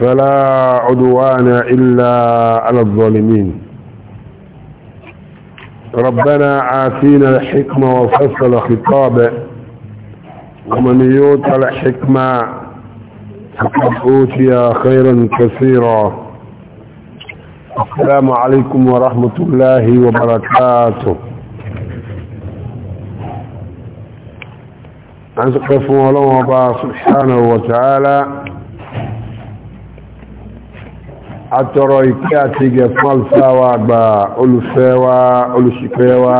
فلا عدوان إلا على الظالمين ربنا آتينا الحكمة وفصل خطابه ومن يوت الحكمة فقد أوتي خيرا كثيرا السلام عليكم ورحمة الله وبركاته عن سقف الله سبحانه وتعالى àtọrọ ìkẹ́ àti ìgẹ̀ fún alùsáwà àgbà olùfẹ́wà olùṣìpẹ́wà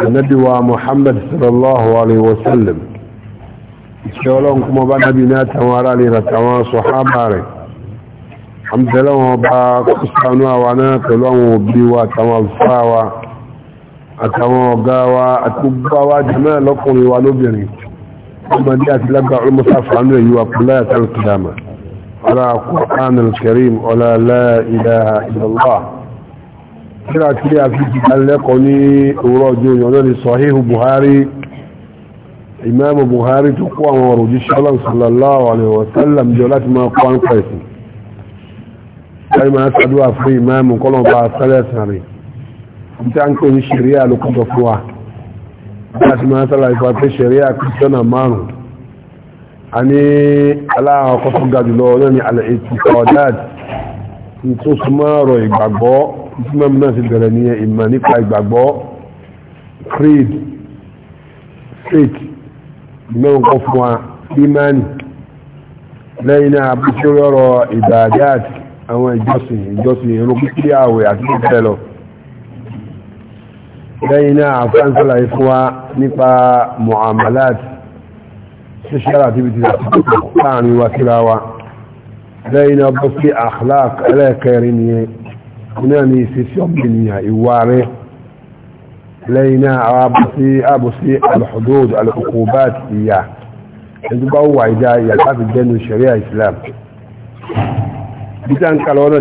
ànábíwà Muhammad sallallahu alaihi wasallam ìṣẹ́ ọlọ́run kúmọ bá nábi ní àtàwọn ará lè ràtàwọn sọ̀hábà rẹ̀ àmìtẹ́lẹ́wọ̀n bá kúsànú àwà náà pẹ̀lú àwọn òbí wa àtàwọn alùsáwà àtàwọn ọ̀gá wa àtúgbàwà jẹ́mẹ́ lọ́kùnrin wa lóbìnrin ọmọdé àti lágbà olùmọ́sáfà nù èyí wa pẹ̀lú àtàlùkìdàmà على القرآن الكريم ولا لا إله إلا الله كلا كلا في تتعلقني أراجو يوناني صحيح بهاري إمام بهاري تقوى ورجي الله صلى الله عليه وسلم جولات ما قوان قيسي كما أسعدوا في إمام قولوا بها ثلاثة هاري أنت أنكو الشريعة لقد فوا أسمع صلى الله عليه وسلم الشريعة مانو ani aláhàn kọ́tọ́ ga jùlọ náà ni alẹ́ẹ̀tì ọ̀dáàd tí tó súnmọ́ ọ̀rọ̀ ìgbàgbọ́ tí mẹ́mú náà ti bẹ̀rẹ̀ ní ìmọ̀ nípa ìgbàgbọ́ creed faith mẹ́wọ́n kọ́ fún wa imani lẹ́yìn náà bí tí ó rọrọ̀ ìbàdáàd àwọn ìjọsìn ìjọsìn ìrún kíkí àwẹ̀ àti bẹ́ẹ̀ lọ lẹ́yìn náà àfáǹsọ́lá fún wa nípa muamalat social activities àti láàrin wa síra wa lẹ́yìn náà bọ́ sí akhlaq ẹlẹ́ẹ̀kẹrin ni náà ni ìṣesí ọmọnìyàn ìwà rẹ̀ lẹ́yìn náà àwọn abọ́ sí alhudud alhukubat ìyà ẹni bá wà ìdá ìyà láti jẹ́nu sharia islam bitan kalọ́nà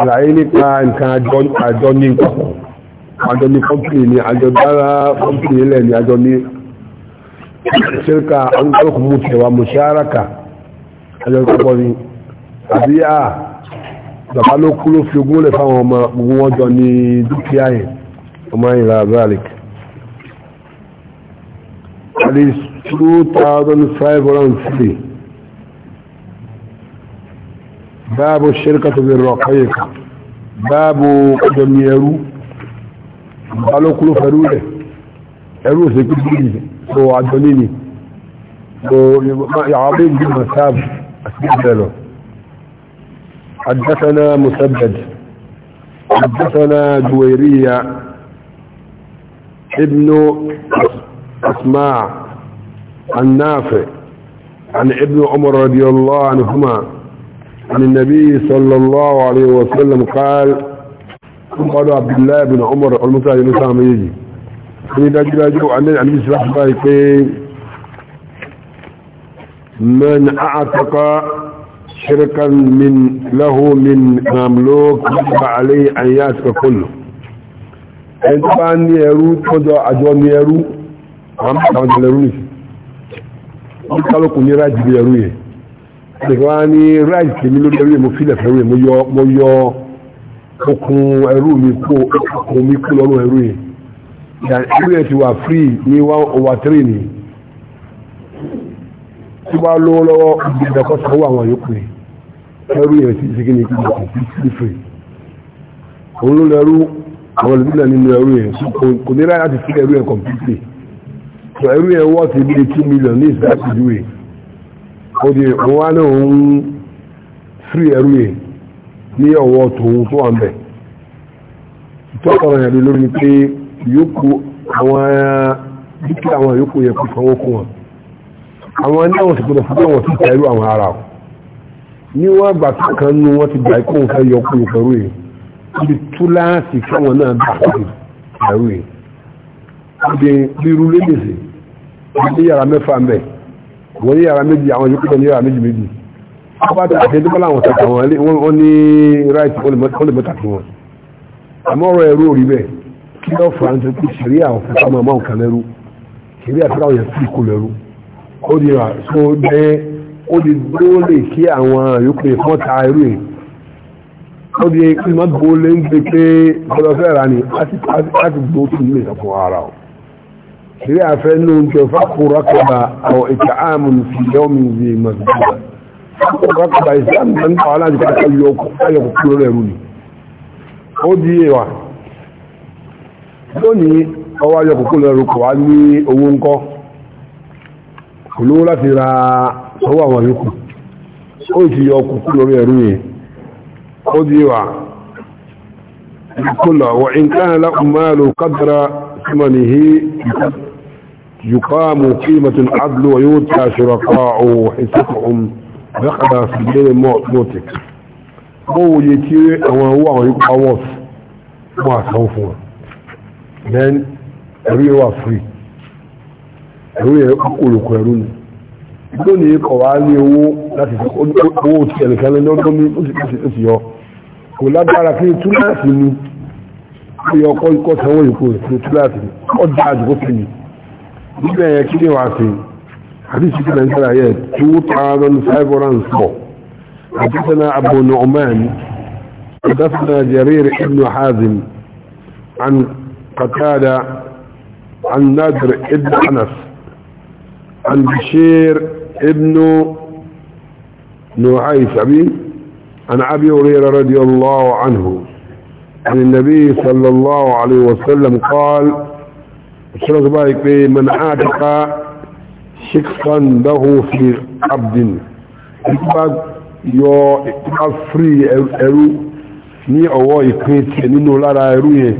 àlàyé nípa nǹkan àjọ ní nǹkan àjọ ní kọ́mpìnì ni àjọ dára kọ́mpìnì ilẹ̀ ni àjọ ní ṣírka ọlọ́kùn mú tẹ̀wà mú ṣáraka àjọ kọ́kọ́ ni àbí à bàbá ló kú ló fi ogún lẹ̀ fáwọn ọmọ gbogbo wọn jọ ní dúkìá yẹn ọmọ ìlà zalik àdí 2503 báàbù ṣírka tó ọjọ́ ní ẹrú قالوا pẹ̀lú rẹ̀ ẹrù òsèkú bíi tó àjọlé ni tó yàwó bí ìdí masab حدثنا مسدد حدثنا جويرية ابن أسماع النافع عن ابن عمر رضي الله عنهما عن النبي صلى الله عليه وسلم قال قال عبد الله بن عمر المساعد نسام يجي ni dájúdájú anẹ́ àníbìsí láti báyìí pé من أعتق شركا من له من مملوك فعليه أن يأتك كله ẹni tó bá ní ẹrú tọ́jọ àjọ ní ẹrú àwọn àwọn ìjọlẹ̀ ẹrú nìsí okùn ẹrú mi kó okùn mi kú lọ́rùn ẹrú yẹn ẹrú yẹn ti wà free ní one over three ni tí wàá lówó lọ́wọ́ ìgbẹ́dẹ́kọ́ sanwó àwọn yòókù yẹn ẹrú yẹn ti ṣe kí ni kò sí free òun ló lẹ́rú àwọn olùdílẹ̀ nínú ẹrú yẹn kò ní láti fi ẹrú yẹn kọ̀mpútì so ẹrú yẹn wọ́n ti bí two million ní ìsìláṣí ìdúwẹ̀ ó di òun wá náà òun free ẹrú yẹn ní ọwọ́ tòun tó wà ń bẹ̀ tọ́kọ̀rọ̀ yẹn lórí ni pé yòókù àwọn dúkìá àwọn yòókù yẹ kó sanwó kún wọn àwọn ẹni àwọn sìkúrò fún àwọn tó tẹ̀lú àwọn ará o ní wọ́n gbà tó kan nú wọ́n ti gbà kó wọn fẹ́ yọ kúrò pẹ̀lú yìí wọ́n ti tú láàsì káwọn náà bá kúrò pẹ̀lú yìí wọ́n rírú lébèsè wọ́n yàrá mẹ́fà mẹ́ wọ́n yàrá méjì àwọn yòókù tó ní yàrá méjì méjì àpáta àtẹ́dúkọ́ láwọn tàkà wọn wọ́n ní right olùmọ́tàkì wọn àmọ́rọ̀ ẹ̀rú orí bẹ́ẹ̀ kí lọ́ france kí sẹ̀ríà òfin ọmọ ọmọ nǹkan lẹ́rú sẹ̀ríà tí láwọn yẹn sì kú lẹ́rú ó di rà tó jẹ́ ó di gbóòlè kí àwọn yòókù yẹn fọ́n ta irú yẹn ó di kí má gbóòlè ń gbé pé ọlọ́ fẹ́ ra ni láti gbó tún lè sọ fún ara o sẹ̀ríà fẹ́ nù ń jẹ fákòrò àkàbà àwọn ìkà àmì fìyàwó mi yìí mọ̀ ọ̀pọ̀lọpọ̀ ìsìlámù tó ń pa aláàjù káàkiri ayọ̀kọ̀ kúrò lẹ́rù ni ó di èwà lónìí ọwọ́ ayọ̀kọ̀ kúrò lẹ́rù kọ̀ wá ní owó ńkọ́ kò lówó láti ra owó àwọn yòókù ó ti yọ ọkọ̀ kúrò lẹ́rù yẹn ó di èwà kúlọ̀ wà ń kàn lákùnmáàlù kádàrà símọ̀nìhí يقام قيمة العدل ويوتى شركاؤه حسابهم lọ́kàdà sílẹ̀ mọ́tìk wọ́n wo yẹ kí àwọn owó àwọn yóò pa wọ́ọ̀f wọ́n àsanwó fún wọn then ẹ̀rú yẹn wà free ẹ̀rú yẹn kókòlòkò ẹ̀rú ni lónìí kọ̀ wá ní owó láti fi owó ti ẹ̀nìkan lé lọ́dún ní ó sì yọ kò lágbára kí túláàsì ni ó yọ ọkọ̀ sanwó ìkó rẹ̀ kí túláàsì ni ó dáa jù kó fi ni níbẹ̀ yẹn kí ni wàá fi ni. حديث كده انت الآيات 2504 حدثنا أبو نعمان حدثنا جرير ابن حازم عن قتال عن نادر ابن أنس عن بشير ابن نعيس أبي عن أبي هريرة رضي الله عنه عن النبي صلى الله عليه وسلم قال سلسل بايك من عاتق ṣíkà ńdáhù fi abdin ìpá yọ ìpá fírí ẹrú ní ọwọ́ ìpín tí nínú lára ẹrú yẹn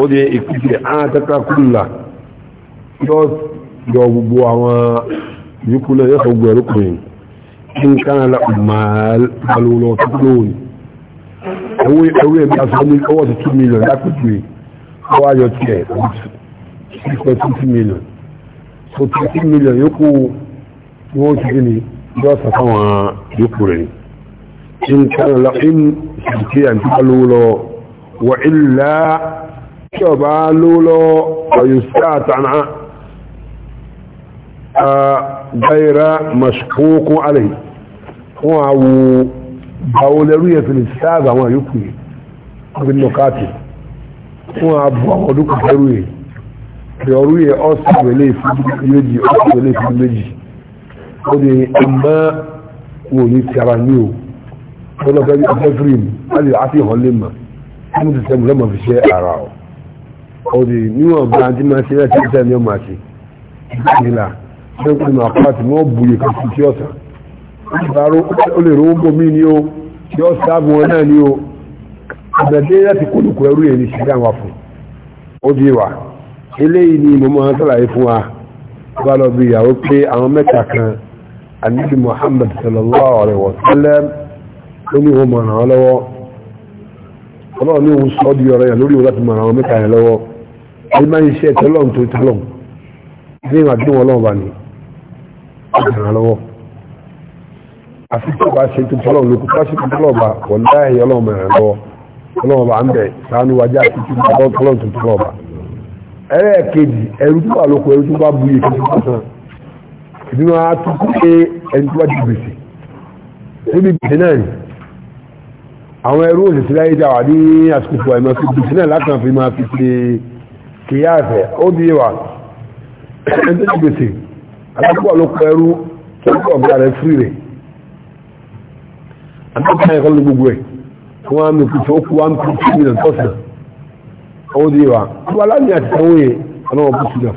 ó di ìpín tí a tẹ́kà kúrùlà yọ gbogbo àwọn yíkúlẹ̀ yọ́ gbogbo ẹrú kùnrin in kana la malolo tó lóòrùn ẹwọ́ ẹwọ́ ẹ̀mí aṣọ ní ọwọ́ ti 2 million lápẹ́jù ẹ̀ ọwọ́ ayọ̀ tí ẹ̀ million forty million yòókù ni wọ́n ti gbìn yóò sọ fáwọn yòókù rẹ̀ ni nǹkan lọ in ṣèké àti balówó lọ wà ilà tí ọba lówó sí àtàná gbáyìrá mashkókó alẹ́ wọn àwọ báwo lẹ́rú yẹn fi sáàbà àwọn yòókù yìí wọ́n fi nọ káàtì wọn àbọ̀ ọdún kò yìí yọrù yẹ ọ̀sì wẹ̀lẹ̀ fún méjì ọ̀sì wẹ̀lẹ̀ fún méjì ó di ẹ̀mọ́ wò tiara ní o ó lọ fẹ́ fẹ́ firi mu láti àti ìhọ́lẹ̀ mà fún ti sẹ́mu lọ́mọ fi ṣe ara o ó di níwọ̀n bá na máa ṣe láti ṣe ẹ̀mí ọmọ àti ìgbàlá ṣé kò ní àpá àti wọ́n bu yẹ kàtí ọ ọ̀sán ó lè o ọ eléyìí ni mo máa ń wa bá lọ bí ìyàwó pé àwọn mẹ́ta kan ànábì Muhammad sallallahu alaihi wa sallam ó ní òun mọ̀ràn án lọ́wọ́ ọlọ́run sọ di ọ̀rọ̀ yẹn lórí òun láti mọ̀ràn àwọn mẹ́ta yẹn lọ́wọ́ ẹni máa ń ṣe ẹ̀tọ́ lọ́run tó wọn lọ́wọ́ bá ní lọ́wọ́ àfi tó bá ṣe tó tọ́lọ̀ lókù tó ṣe tó bá ẹlẹ́ẹ̀kejì ẹrú tó wà lóko ẹrú tó bá bu yèké tó sàn ìdí wọn tó kú pé ẹni tó bá di gbèsè níbi gbèsè náà ni àwọn ẹrú òṣìṣẹ́ láyé dà wà ní àsìkò fún àìmọ́ fi gbèsè náà látàn fi máa fi ṣe kìyà àfẹ́ ó di wà ẹni tó di gbèsè alákòwà lóko ẹrú tó kú ọ̀gá rẹ̀ fúri rẹ̀ àti ọ̀gá ẹ̀kọ́ ló gbogbo ẹ̀ wọ́n á mi kú tó kú wá ń kú tó mi nà tọ́sán owó di wa tó aláàmì àti owó yẹ ọlọ́wọ́ bó sílẹ̀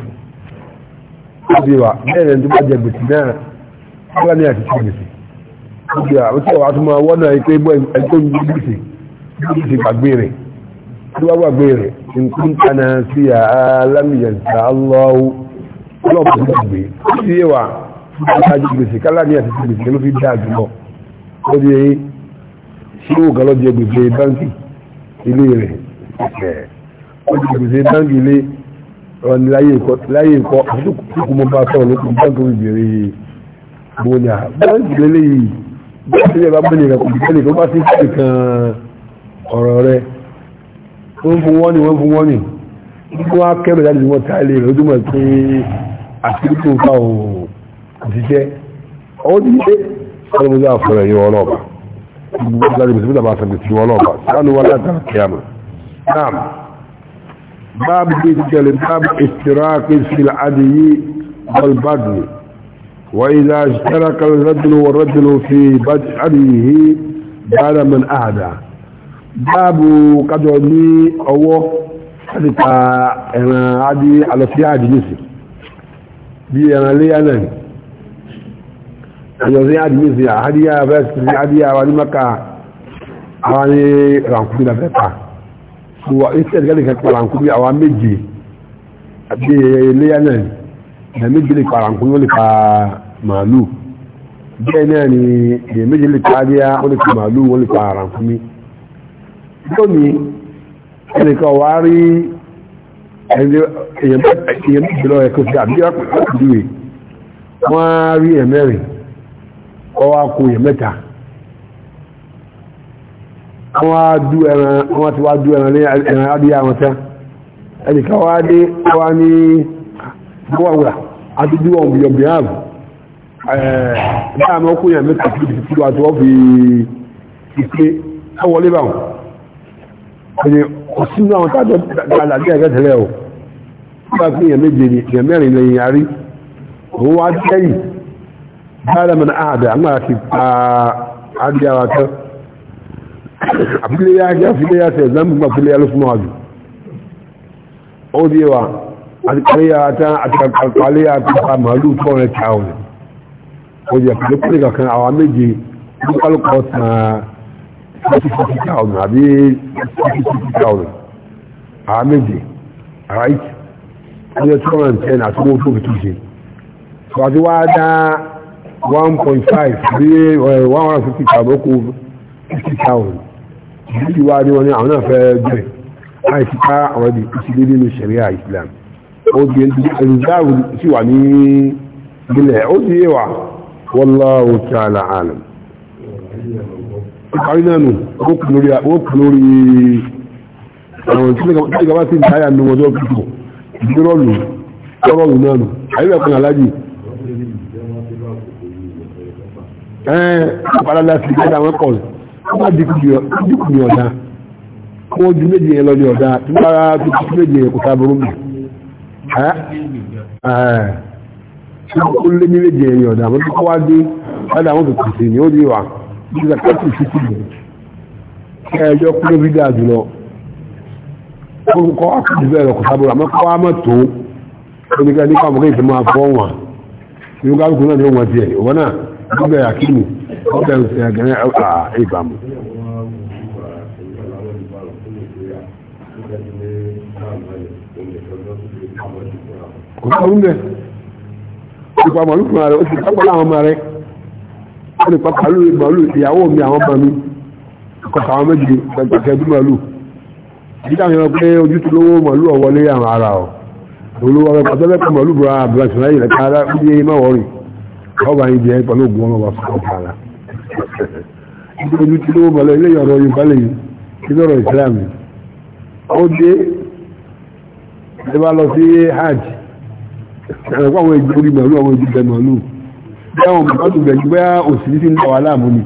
fún owó di wa bẹ́ẹ̀ ni tó bá jẹ gbèsè náà tó aláàmì àti tó gbèsè ó di wa ó ti wà tó máa wọ́n náà pé bọ́ ẹgbẹ́ ní gbèsè gbèsè gbàgbé rẹ̀ tó bá gbàgbé rẹ̀ nǹkan tánà sí aláàmì àti aláwọ̀ ọlọ́wọ́ bó gbàgbé ó ti yẹ wa kájú gbèsè káláàmì àti tó gbèsè ló fi dáa jùlọ ó di yẹ ṣé òkàlọ́ jẹ gbèsè báńkì ilé rẹ̀ ẹ̀ ọjọ́ gbèsè báńkì ilé ọ̀rọ̀ ni láyé ìkọ́ àtúkù mọ́ bá sọ̀rọ̀ lókùn báńkì ìbèrè gbogbo ní à báńkì lélẹ̀ yìí báńkì lè bá bẹ̀rẹ̀ nìkan kò bẹ̀rẹ̀ nìkan bá sí ìpè kan ọ̀rọ̀ rẹ̀ wọ́n fún wọ́n ní wọ́n fún wọ́n ní wọ́n á kẹ́rù láti wọ́n ta ilé rẹ̀ ojúmọ̀ pé àtúntò fa ò ṣiṣẹ́ ọwọ́ ti ṣe ọ̀rọ̀ mo dáa fọ̀rọ̀ yìí ọlọ́ọ̀bà gbogbo láti bẹ̀rẹ̀ sí ọlọ́ọ̀bà sánú wọn látara kíámà náà باب الجل باب اشتراك في العدي والبدل وإذا اشترك الرجل والرجل في بدء عديه بعد من أهدى باب قدومي أو حدث أنا عدي على سياد نسي بي أنا لي أنا أنا أيوة، سياج نسي عدي يا بس عدي يا ولي مكة عدي رحمة الله wa ìsẹ̀ ìgbẹ́lẹ̀ kan paranku bí àwa méje àbí iléyà náà ìyà méje lè paranku wọ́n lè pa màálù bẹ́ẹ̀ náà ni ìyà méje lè pàdíyà wọ́n lè pa màálù wọ́n lè pa àrànkú mi lónìí ẹnìkan wà á rí èyàn méje lọ ẹ̀kọ́ sí àbí ọkùnrin wọ́n á rí ẹ̀mẹ́rin ọwọ́ á kó àwọn adú ẹran àwọn ti wá dú ẹran ní ẹran adúyà wọn tán ẹnìká wá dé wá ní gbọ́wàwà àti dúwọ̀ òbíọ̀bí ààbò ẹ̀ẹ́dáàmọ́ kó yàn mẹ́ta tó ti fúdú àti wọ́n fi ìpé ẹwọlé bá wọn ẹni òsínú àwọn tájọ dàdàdé ẹ̀kẹ́ tẹ́lẹ̀ o nígbà pé yàn méje ni yàn mẹ́rin lè yàn òun wá tẹ́yìn bá dàmọ́ ààbẹ̀ àmọ́ àti pa adúyà abúlé yá kí afúlé yá tẹ̀ zambu gba afúlé yá ló súnmọ́ àjò ó di wa àti kàlẹ́ yá tán àti kàlẹ́ yá tán pa màálù tó rẹ̀ tà ó ó di àkàlẹ́ kọ́lé kankan àwọn méje ló kálù kọ́ tán forty forty thousand àbí forty forty thousand àwọn méje right ó di two hundred and ten àti owó tó fi tún ṣe tó àti wá dá one point five bí eh, one hundred and fifty thousand ó kú fifty ìdíjì wá ní wọn ní àwọn náà fẹ́ gbẹ̀ láì ti ká àwọn ibi ìṣẹ̀lẹ̀ nínú ṣẹ̀ríà Islam ó di ẹ̀rùzáàrù sì wà ní ilẹ̀ ó di ẹwà wallahu ta'ala alam ìparí náà nù ó kù lórí àwọn tí ìgbà bá sí ìdáyà nínú ọjọ́ pípò ìdírọ̀lù ọrọ̀lù náà nù àyíkà kan alájì ẹ̀ẹ́ àpàdádá sí ìgbà àwọn kọ̀ọ̀lù bá dìkù ní ọ̀dá wọ́n ju méjì yẹn lọ ní ọ̀dá tí wọ́n bá fi kú méjì yẹn kò sábúrú mi ó lé ní méjì yẹn ní ọ̀dá wọ́n ti kọ́ wá dé ládàá wọn kò sì ní ó ní wà ní zakati fífi bò ẹjọ́ kúrò bí dáa jùlọ kọ́ àkàtì bẹ́ẹ̀ lọ kò sábúrú àmọ́ kọ́ wá mọ̀ tó oníkẹ́ nípa mọ̀kẹ́ ìfẹ́ máa fọ́ wọn ìlú kálukú náà ni ó wọ́n ti ẹ̀ ìwọ́n náà gbígbẹ̀ àkínú ọ̀dà òsì àgẹ́rẹ́ ìbámu. kò sọ oúnjẹ ìpa màlúù fún ààrẹ ó ti pápá láwọn ọmọ rẹ ó lè pápá lórí màlúù ìyàwó mi àwọn ọmọ mi kọ̀ọ̀kan àwọn méjì gbẹgbẹ̀kẹ́ bí màlúù àdídá àwọn ọmọ pé ojú tó lówó màlúù ọ̀wọ́lé àwọn ara ọ̀ olówó ọmọ pàtó lẹ́kọ̀ọ́ màlúù bọ̀ àbúrò àṣìláyè lẹ́ka ara ó yé máwọ́rìn ọba yìí jẹ́ pẹ̀lú ògùn ọmọ wa fún ọ̀tá ara ìdí ojú tí lówó balẹ̀ ilé ọ̀rọ̀ yorùbá lẹ́yìn ilé ọ̀rọ̀ ìsìlámù ó dé ẹ bá lọ sí hajj ẹ̀rọ̀pọ̀ àwọn ìjọ orí màálù àwọn ìjọ bẹ̀màálù bí àwọn bàtù bẹ̀jú bá òsìlí sí ń dà wà láàmú ni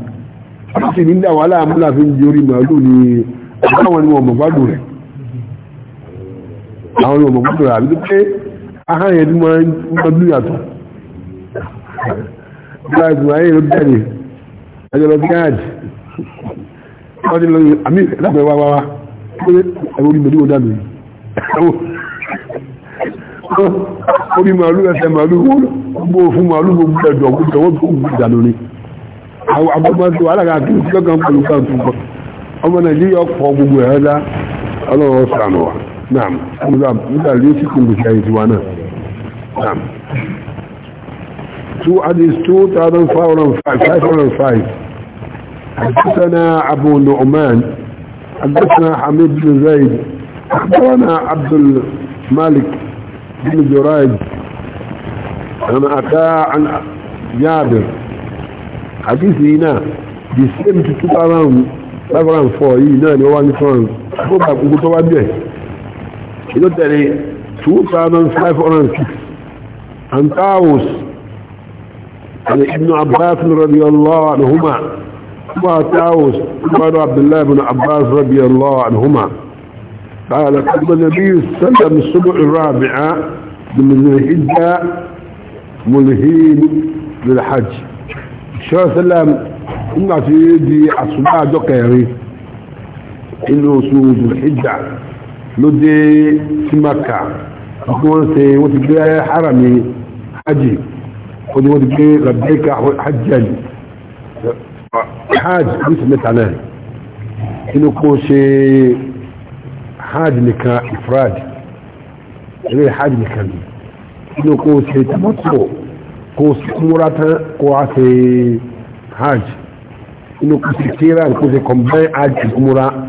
ó sì ní dà wà láàmú láàfin di orí màálù ni àwọn ni wọn mọ̀gbádùn rẹ̀ àwọn ni wọn mọ̀gbádùn rẹ̀ àbí pé ahán ń gbọ́dún yàtọ̀ ẹjọ́ lọ sí gáàjì wọ́n ti lọ sí àmì ìlàpẹ̀ wá wá wá ẹwọ́ orí mẹ́lú ọ̀dà mi orí màálù ẹsẹ̀ màálù gbogbo fún màálù gbogbo ẹ̀dọ̀ gbogbo ẹ̀wọ́ tó gbogbo ìdà lórí àwọn agbọ́mọ́tò alága tó ti lọ́kàn pẹ̀lú kan tó kọ́ ọmọ nàìjíríà ọ̀pọ̀ gbogbo ẹ̀ dá ọlọ́run sànù wa náà nígbà lóṣìkò gbèsè àyè tiwa náà náà two hadith two thousand five hundred five حدثنا أبو نعمان حدثنا حميد بن زيد أخبرنا عبد الملك بن جريج أنا أتى عن جابر حديثي هنا بسلم تتطرم تطرم فوي هنا لوان فرنس أخبرنا أقول طبعا به إذا تلي 2506 عن طاوس يعني ابن عباس رضي الله عنهما وتاوس عمر عبد الله بن عباس رضي الله عنهما قال قبل النبي صلى الله عليه وسلم الصبح الرابعة من الهجة ملهين للحج الشيخ سلام ان عليه وسلم nígbà tí ó di àsùbá àjọ́ kẹrin inú oṣù ìjà ló dé sí maka wọ́n ti o di asuba ajo kerin inu osu ija lo de خذ ودي لبيك حجا حاج مثل عليه انه كو شي حاج لك افراد غير حاج لك انه كو شي تمتع كو مرات كو حاج انه كو شي كيران كو شي كومبين حاج امورا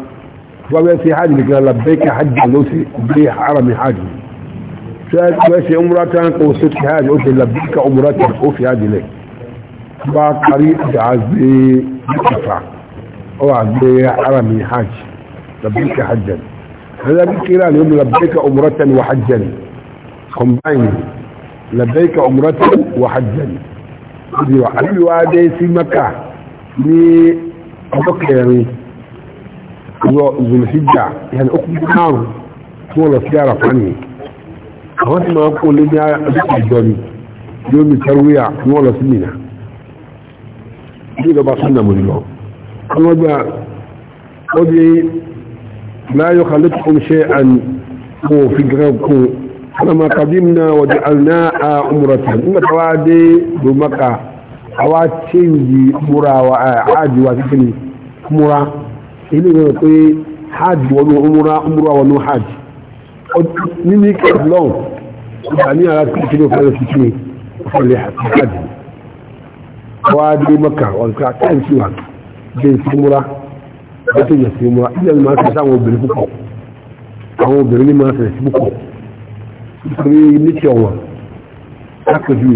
في حاج لك لبيك حجا لو شي بيه حرمي حاج لك تأتي عمرة وصلت حاجة قلت لبيك عمرة وفي هذه لك بعد طريق عزي بكفع أو عزي حرمي حاج لبيك حجا هذا بالكلام يوم لبيك عمرة وحجا كومباين لبيك عمرة وحجا قلت وحبي وادي في مكة لي ọkọkẹrin lọ zùlùfíjà yẹn ó kú márùn-ún tí wọ́n àwọn tí máa kó lé ní àdúgbò ìjọ ni yóò mi tẹ́rúwíà ní wọ́n lọ sí mìíràn bí ìjọba súnà mọ̀ nílọ wọ́n gbà ó di láyọ̀ kan lẹ́tọ̀ fún ṣe àn kó fi gẹ́gẹ́ kó ọlọ́mọ kadim náà wọ́n alná a umuratan nígbà tí wọ́n á dé lomaka àwa ṣe ń di múra wa àájì wa kíkiri múra ilé ìwé pé hajj wọnú umura wọnú hajj níní kẹfìlọ́n ìgbà ní ara tí kí ló fẹ́rẹ̀ sí kí ọ̀fẹ́lẹ̀ àti wá dé mọ́kà ọ̀nkà táìsí wà dé ìsinmúra na yẹ̀ sí múra ilẹ̀ máa fẹ́ sáwọn obìnrin púpọ̀ àwọn obìnrin ní máa fẹ́ sí púpọ̀ nítorí níkẹ́ ọ̀wọ̀n lápẹjú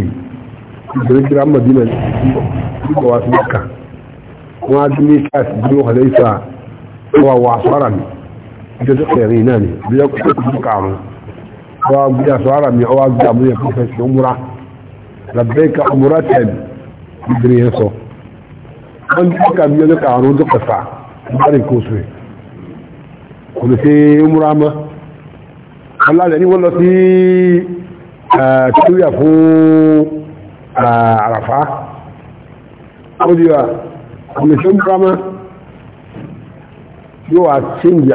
ìjọjọ́ kẹrin náà ni bí ó kó kú kàrún ọwá gbé aṣọ ara mi ọwá gbé àmúyẹ fún fẹsẹ̀ ọmúra labẹ́ka ọmúra tẹ̀m ìbìnrin yẹn sọ wọ́n ti kà bí ọjọ́ kàrún ọjọ́ kẹfà bá rìn kó sùn kò lè ṣe ọmúra mọ́ alálẹ̀ ni wọ́n lọ sí kíríà eh, fún àràfá eh, ó di wa kò yóò wá change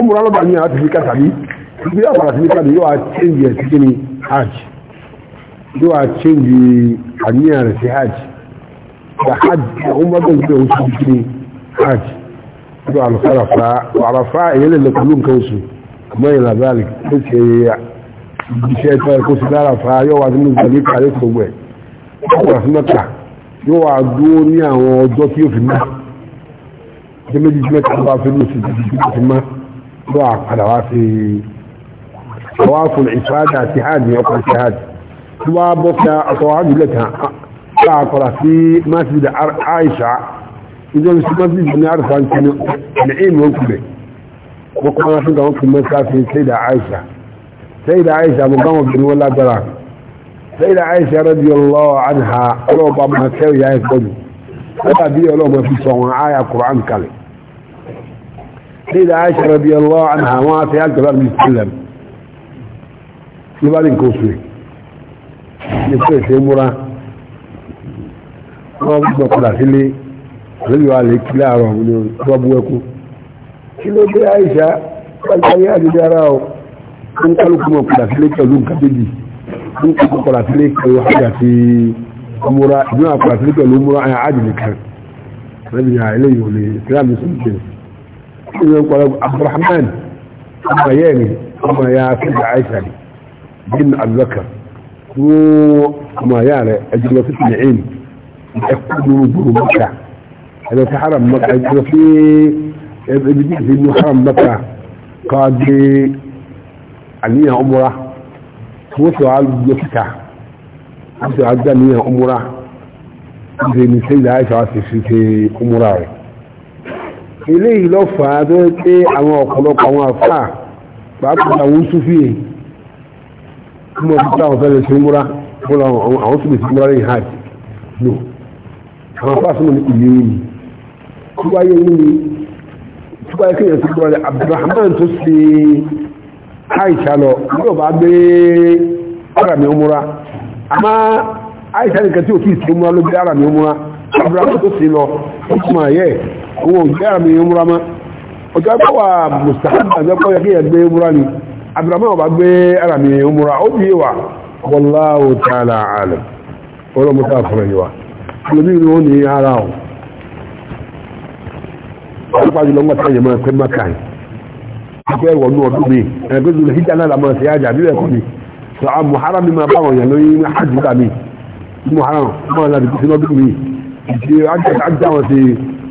ọmọdé alábà ní àti fi kàtà bí ibi yóò fara sí ní kàtà yóò wá change ẹ̀ sí ní hajj yóò wá change àníyàn rẹ̀ sí hajj the hajj ọmọdé ń gbé oṣù sí ní hajj yóò wá lọ́fà rafá rafá èyí lè lọ́kọ̀ lóǹkà oṣù àmọ́ ìlà báàlì ó ṣe iṣẹ́ ẹ̀tọ́ ẹ̀kọ́ sí lára yóò wá nínú ìgbàlẹ́ kàlẹ́ gbogbo yóò wá dúró ní àwọn ọjọ́ tí yóò fi náà ṣe méjì jẹ́ kí wọ́n fi lóṣù ti di ti mọ́ ló àpàdà wá sí ọwọ́ fún ìfàdà àti hajj ọkọ̀ àti hajj tí wọ́n bọ́ sí ọkọ̀ hajj lẹ́tàn tá a kọ̀ra sí masjid aisha ìjọba sí masjid ní arfa ti ní ìlú wọn kúbẹ̀ wọ́n kọ́ wọn fún àwọn kí mẹ́ta fi sayida aisha sayida aisha mo gbọ́n wọn bìnrin wọn lágbára sayida aisha radiyallahu anha ọlọ́ọ̀bá máa kẹ́rì yáyẹ سيدة عائشة رضي الله عنها ما في هالك بقى بيتكلم لبعدين كوسوي يبقى شيء مرة ما بدنا قلع سلي رضي عليك لا عرام ربوكو كله دي عائشة والحياة دي راو انقلكم قلع سلي كذون كبدي انقلكم قلع سلي كذو حاجة في أمورا ابن قلع سلي كذو أمورا عاجل كان ربنا عليه والإسلام يسمى كذو عبد الرحمن أما ياني أما يا سيد عيسى بن الذكر بكر أما ياني أجل وفيت العين يقول نزول مكة هذا في حرم مكة أجل في بديك في النحرم مكة قاد عليها أمره وصلوا على الجفتة وصلوا على الجانية أمره زي من عيسى عائشة في أمره eléyìí lọ fà á tó pé àwọn ọ̀pọ̀lọpọ̀ àwọn àfà pàápàá àwọn súfì mú ọ̀pọ̀ táwọn fẹ́ lè ṣe múra fún àwọn súfì sí múra ní hajj no àwọn àfà súnmọ́ ní ìlú yìí tó wáyé nínú tó wáyé kéèyàn sí múra ní Abdulrahman tó ṣe Aisha lọ yóò bá gbé árami múra àmọ́ Aisha nìkan tí ò kí ìsinmi múra ló gbé árami múra Abdulrahman tó ṣe lọ ó kùmà yẹ́ owó nke múra mọ́ ọjọ́ ẹgbẹ́ wà mùsàlámù àjọpọ̀ yẹ kí ẹ gbé múra ni abdulhamid ọba gbé ara mi ó bí wà wallahu ta'ala alam ọlọ́mọ tá a fọ̀rọ̀ ni ó ní ara o wọ́n a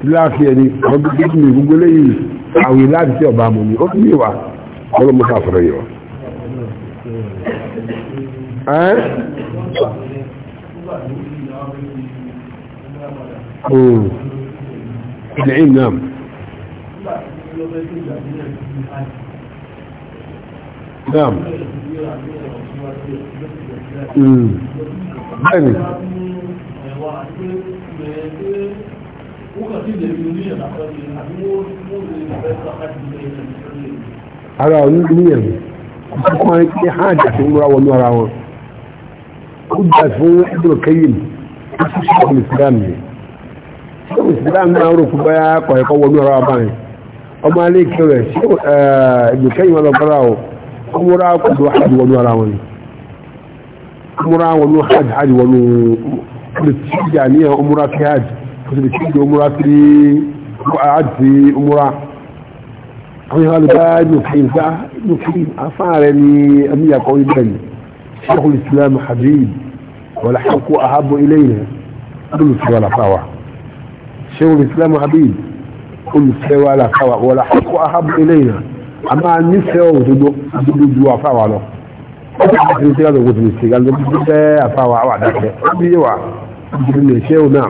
láti ẹni ọdún tó tún lè gbogbo lẹ́yìn àwẹ̀ láti tí ọba mọ̀ hmm. ní ó tún yíwa ọlọ́mọ sàfẹ́rẹ́ yọ. ìdíyìn náà náà bẹ́ẹ̀ni ara ọ̀ níyàn kọ́kọ́ wọn pé hajj àti múra wọnú ara wọn ó jà fún ẹgbẹ̀rún kẹyìn ó sì ṣe ọmọ ìsìlámù yìí ṣé ọmọ ìsìlámù náà rò fún báyà kọ̀ ẹ̀kọ́ wọnú ara báyìí ọmọ alẹ́ ìkẹ́ rẹ̀ ṣé ẹgbẹ̀rún eh, kẹyìn kòsìlè kí ìjọ múra sí àti múra àwọn ìhàn lè bá nùfíìn bá nùfíìn afá rẹ ní amíyàkọ́ ibẹ̀ ni ṣẹ́kù islam habib wàlá ṣẹ́kù ahabu ilé yẹn olùfẹ́ wà láfáwà ṣẹ́kù islam habib olùfẹ́ wà láfáwà wàlá ṣẹ́kù ahabu ilé yẹn a máa nífẹ̀ẹ́ òdodo àdúgbò ju afáwà lọ ọdún àti ìṣẹ́gbẹ̀rẹ̀ ògùn ti ṣe àlọ́ bí bẹ́ẹ̀ afáwà àwàdàkẹ́ ó bí yẹ wà ìṣẹ́ òun náà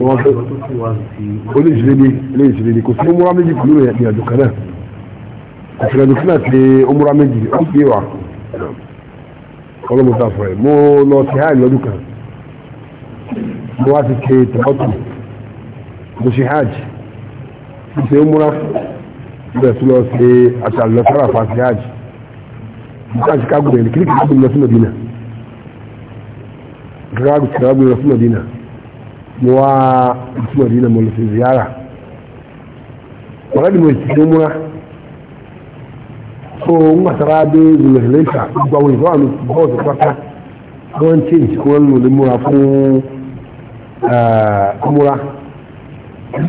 wọ́n fẹ́ olóyìnbílẹ̀ olóyìnbílẹ̀ kò sí múra méjì pẹ̀lú ìrìnàjò kan náà àtìrìnàjò kan náà ti múra méjì ó fi wà ọlọ́mọ tá a fọ̀ ẹ̀ mo lọ sí háì lọ́dún kan mo wá ti ṣe tọ́tù mo ṣe hajj mo ṣe múra bẹ́ẹ̀ tó lọ sí àṣàlọ́ sára fà sí hajj mo ká Chicago rẹ̀ kíríkì tó lọ sí Medina kíríkì tó lọ sí Medina mo wá ìtú ọ̀dínà mo lọ sí ziyara ọ̀rẹ́dì mo ti ṣe múra so ń gbàtara dé zulẹ̀lẹ́sà gbogbo àwọn ìfọwọ́ àmì bọ́ọ̀sì pátá wọ́n ń ṣe ìṣkú wọn lò lè múra fún múra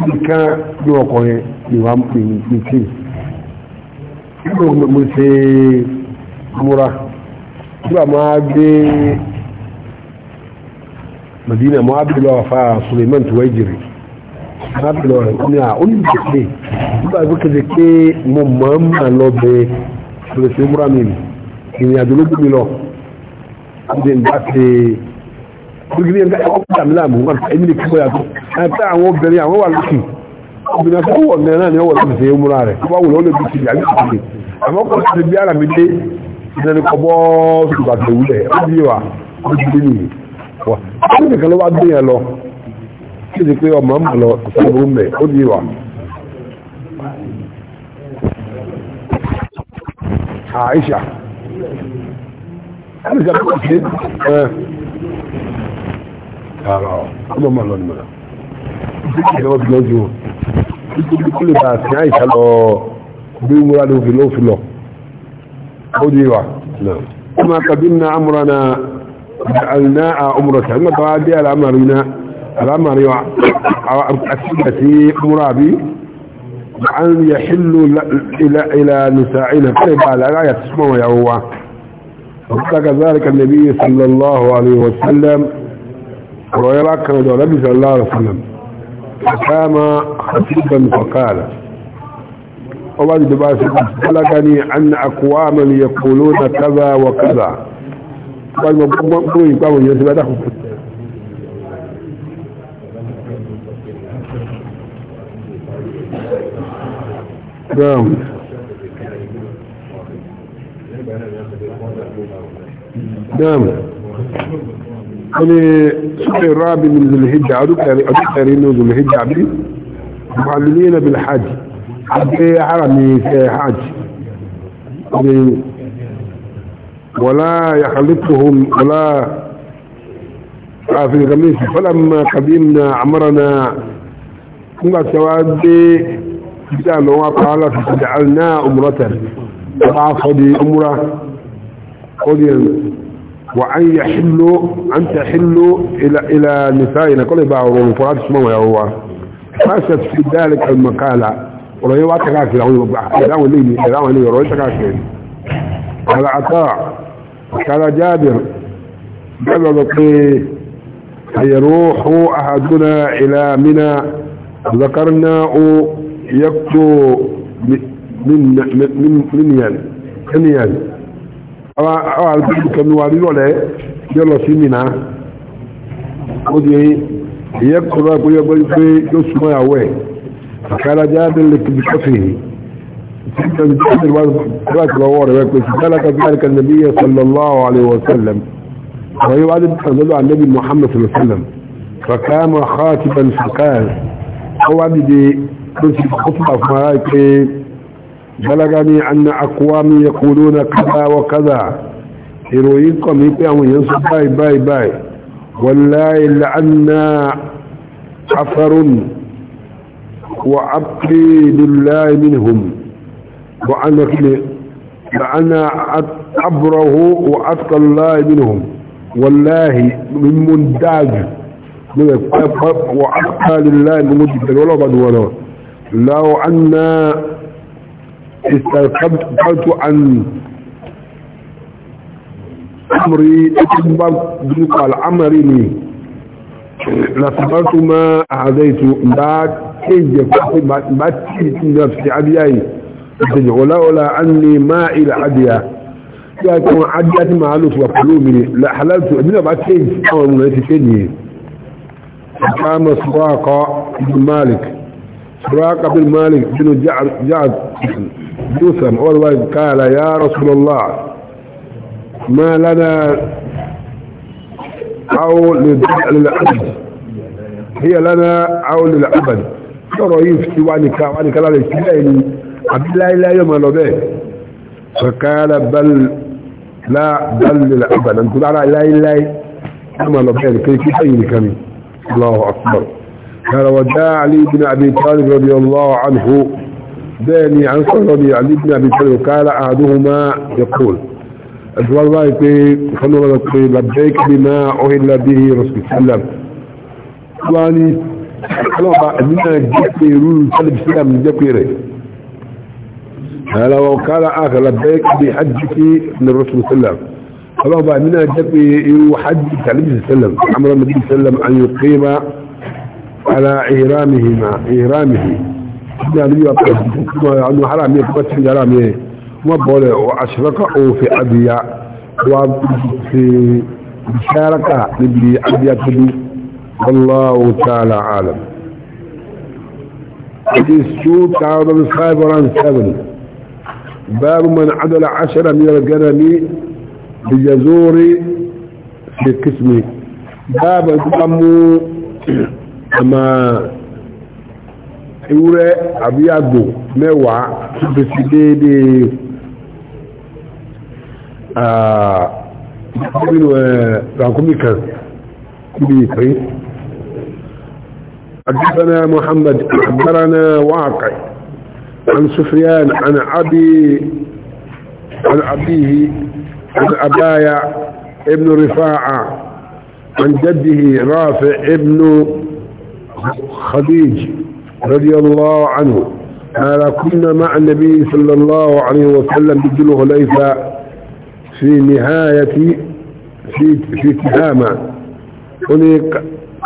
nǹkan ní ọkọ̀ yẹn ni wàá pè ní ṣe nígbà mo ṣe múra madina mu abdullawa fa suleiman tuwaijiri abdullawa rẹ̀ ní àwọn olùdókè nígbà tó kéde pé mo máa ń mà lọ bẹ fèrèsé múra mi ìrìn àjò ló gbé mi lọ ọdẹ nígbà tí gbígbé ẹgbẹ́ ẹ̀kọ́ pẹ̀lú àmì láàmú wọn ẹni nìkan bóyá tó àti àwọn obìnrin àwọn wà lókè obìnrin àti ọwọ́ ọ̀nà náà ni ọwọ́ ọ̀nà fèrèsé múra rẹ̀ tó bá wù lọ́wọ́ lè bí ti àbí ti àmọ́ kò sí bí ara mi dé ìdánilẹ́kọ̀ọ́ bọ́ọ̀ wa ó nìkan ló wá gbé yẹn lọ kí ni pé ọmọ mọ̀ lọ ìṣàbùrù mẹ́ ó di wà. Aisha Aisha kò sí ẹ ara ọmọ mọ̀ lọ nìmọ̀lá ìdíkì ìjọba fi lọ ju nítorí kó lè bá àti Aisha lọ bí wúra ló fi lọ ó di wà. ما قدمنا أمرنا جعلنا عمرة ما قادي على أمرنا على أمر في مرابي عن يحل إلى إلى نسائنا قريب على لا يسمعوا يا هو وكذلك ذلك النبي صلى الله عليه وسلم ويرى كان النبي صلى الله عليه وسلم فقام خطيبا فقال وبعد دباسي بلغني عن أقواما يقولون كذا وكذا wọ́n mọ نعم يعني سنة الرابع من ذو الهجة أدكتر إنه ذو الهجة عبدي معلمين بالحج عبدي عرمي في حج ولا يخلطهم ولا في الغميس فلما قدمنا عمرنا نقع سوادي جعل وقال فجعلنا أمرة وعصدي أمرة قديا وأن يحل أن تحل إلى إلى نسائنا كل بعضهم فرات اسمه يا هو فاشت في ذلك المقالة ولو يوقع كافر أو يوقع كافر أو يوقع كافر على عطاء قال جابر قال لقي يروح أحدنا إلى منا ذكرنا يكتو من من من يعني من يعني أو أو البيت كم نواري ولا يلا سيمنا ودي يكتو يقول يقول يسمع وين فقال جابر لك بكفيه ذلك الواري ذلك ذلك النبي صلى الله عليه وسلم وهي بعد عن النبي محمد صلى الله عليه وسلم فكان خاتبا فقال هو عندي كنت خطبة فمرايك بلغني أن أقوام يقولون كذا وكذا يرويكم يبيعوا ينصب باي باي باي والله لعنا أن أثر وعبقي لله منهم وأن لأن عبره وأتقى الله منهم والله من منداج وأتقى لله من منتاج ولا بعد ولا لو أن استقبلت عن أمري قال على أمري لصبرت ما أعذيت بعد كيف ما بعد نفسي عبيائي ولولا عني مائل عديا يكون عديات معلوف وقلومي لا حللت ابن ابعد كيف اول من ايتي كيني قام سراقة بن مالك سراقة بن مالك بن جعد جعد جوسم اول واحد قال يا رسول الله ما لنا او للعبد هي لنا او للعبد ترى يفتي وعني كلا للكلاني àbí láíláí ọmọ lọ bẹ́ẹ̀ fẹ̀kàálà bálẹ̀ àbàdà tó lára láíláí ọmọ lọ bẹ́ẹ̀ kí kí sẹ́yìn nìkan ni Allahu akbar kàrà wà dá Ali ibn Abi Talib radiyallahu anhu bẹ́ẹ̀ ni à ń sọ̀rọ̀ ní Ali ibn Abi Talib kàrà ahaduhuma yaqul أدوار الله يقول صلى الله عليه لبيك بما أهل به رسول الله واني قالوا بقى أننا جيت بيرون صلى الله عليه هلا وقال آخر لبيك بحجك من الرسول صلى الله عليه وسلم الله بقى منها جب يحج تعليم صلى الله عليه وسلم أمر النبي صلى الله عليه وسلم أن يقيم على إهرامهما إهرامه يعني النبي أقول أنه حرام يكبت في جرامه ما بوله بقول أو في أبياء وفي مشاركة لأبياء تبي والله تعالى عالم It is 2,507 باب من عدل عشرة من الجنم بجزور في قسمه باب الضم أما ewúrẹ́ أبيض موع في سديد fi fi déédé nínú ràkúnmí محمد أخبرنا عن سفيان عن أبي عن أبيه عن أبايا ابن رفاعة عن جده رافع ابن خديج رضي الله عنه قال كنا مع النبي صلى الله عليه وسلم بجل ليس في نهاية في في تهامة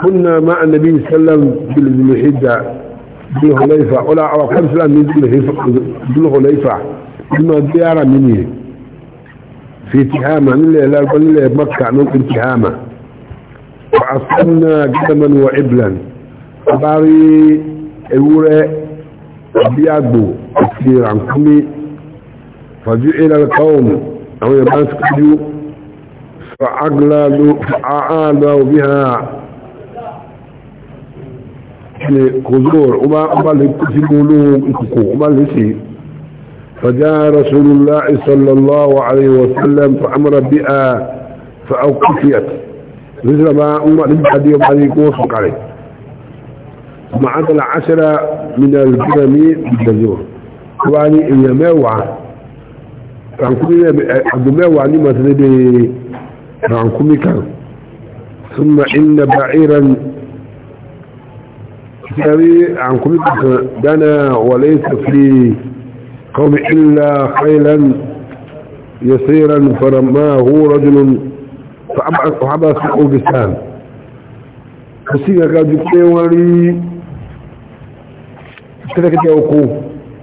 كنا مع النبي صلى الله عليه وسلم بالحجة ذو الحليفة ولا أو خمس الآن من ذو الحليفة إما ديارة مني في اتهامة من الله لا بل الله مكة نوك اتهامة وعصمنا جدما وعبلا أباري الورق أبيعبو كثير عن كمي فجعل القوم أو يبانس كجو فأعلى بها وما فجاء رسول الله صلى الله عليه وسلم فأمر بها فأوقفيت مثل ما أمر لبحدي وبعدي وصق عليه عدل العشرة من الجرم بالجزور وعني إن موعة رانكمي عبد موعة لما تنبي رانكمي كان ثم إن بعيرا كتابي عن كل دنا وليس في قوم إلا خيلا يسيرا فرماه رجل فعبسه بسان فسيقى قد يتوري كذلك يوقو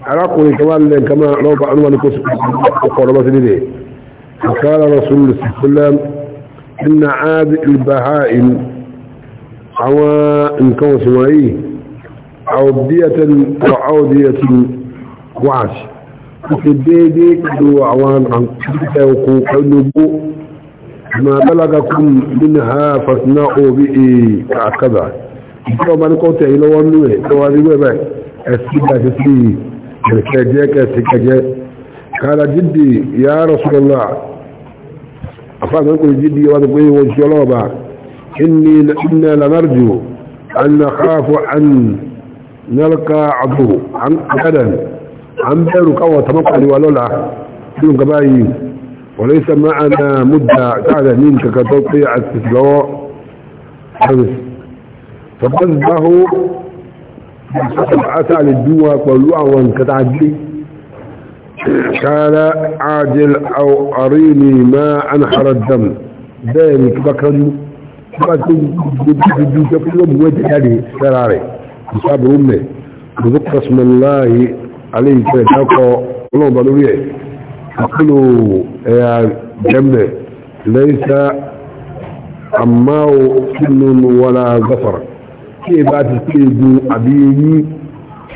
عراقوني كمان لين كما لو بعنوا نكوس لديه فقال رسول الله صلى الله عليه وسلم إن عاد البهائم كوس كوسوائيه عودية وعودية وعش في الديدي كدو عوان عن كتة وقوق النبو ما بلغكم منها فاصنعوا به كذا يقول ما نقول تهيلا وانوه تواريوه باي السيدة تسليه الكاجة كاجة قال جدي يا رسول الله أفاد نقول جدي وانقوي وانشلوبا إني إنا لنرجو أن نخاف أن نلقى عبده عن أبدا عن بير قوة تمقع لولولا دون قبائل وليس معنا مدة تعالى منك كتوقيع التسلواء حبس فقصده أتى للدواء واللوء كتعدي قال عاجل أو أريني ما أنحر الدم ذلك بكر فقد تجد في الدوشة كلهم وجه هذه سراري مصاب أمه وذكر اسم الله عليه الصلاة قلوا بلوية فقلوا يا جنة ليس عماه سن ولا ظفر بات تسيدوا أبيه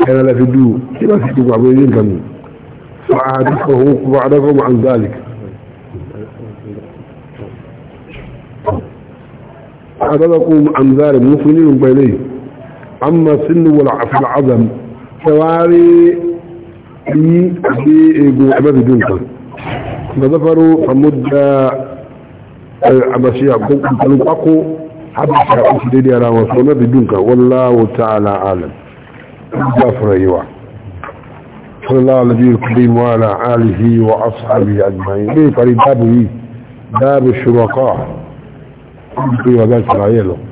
كان كي بات تسيدوا أبيه كمين فأعرفه وأعرفهم عن ذلك أعرفكم عن ذلك مسلمين بينيه أما سن في العظم سواري في أبيئي عباد الدنيا فظفروا فمد آه، أبشي قلوا أقو حبشي أسديني على في دونك والله تعالى عالم جافر أيوة صلى الله عليه نبي الكريم وعلى آله وأصحابه أجمعين ليه فريد بابه باب الشركاء يا وذلك رأيه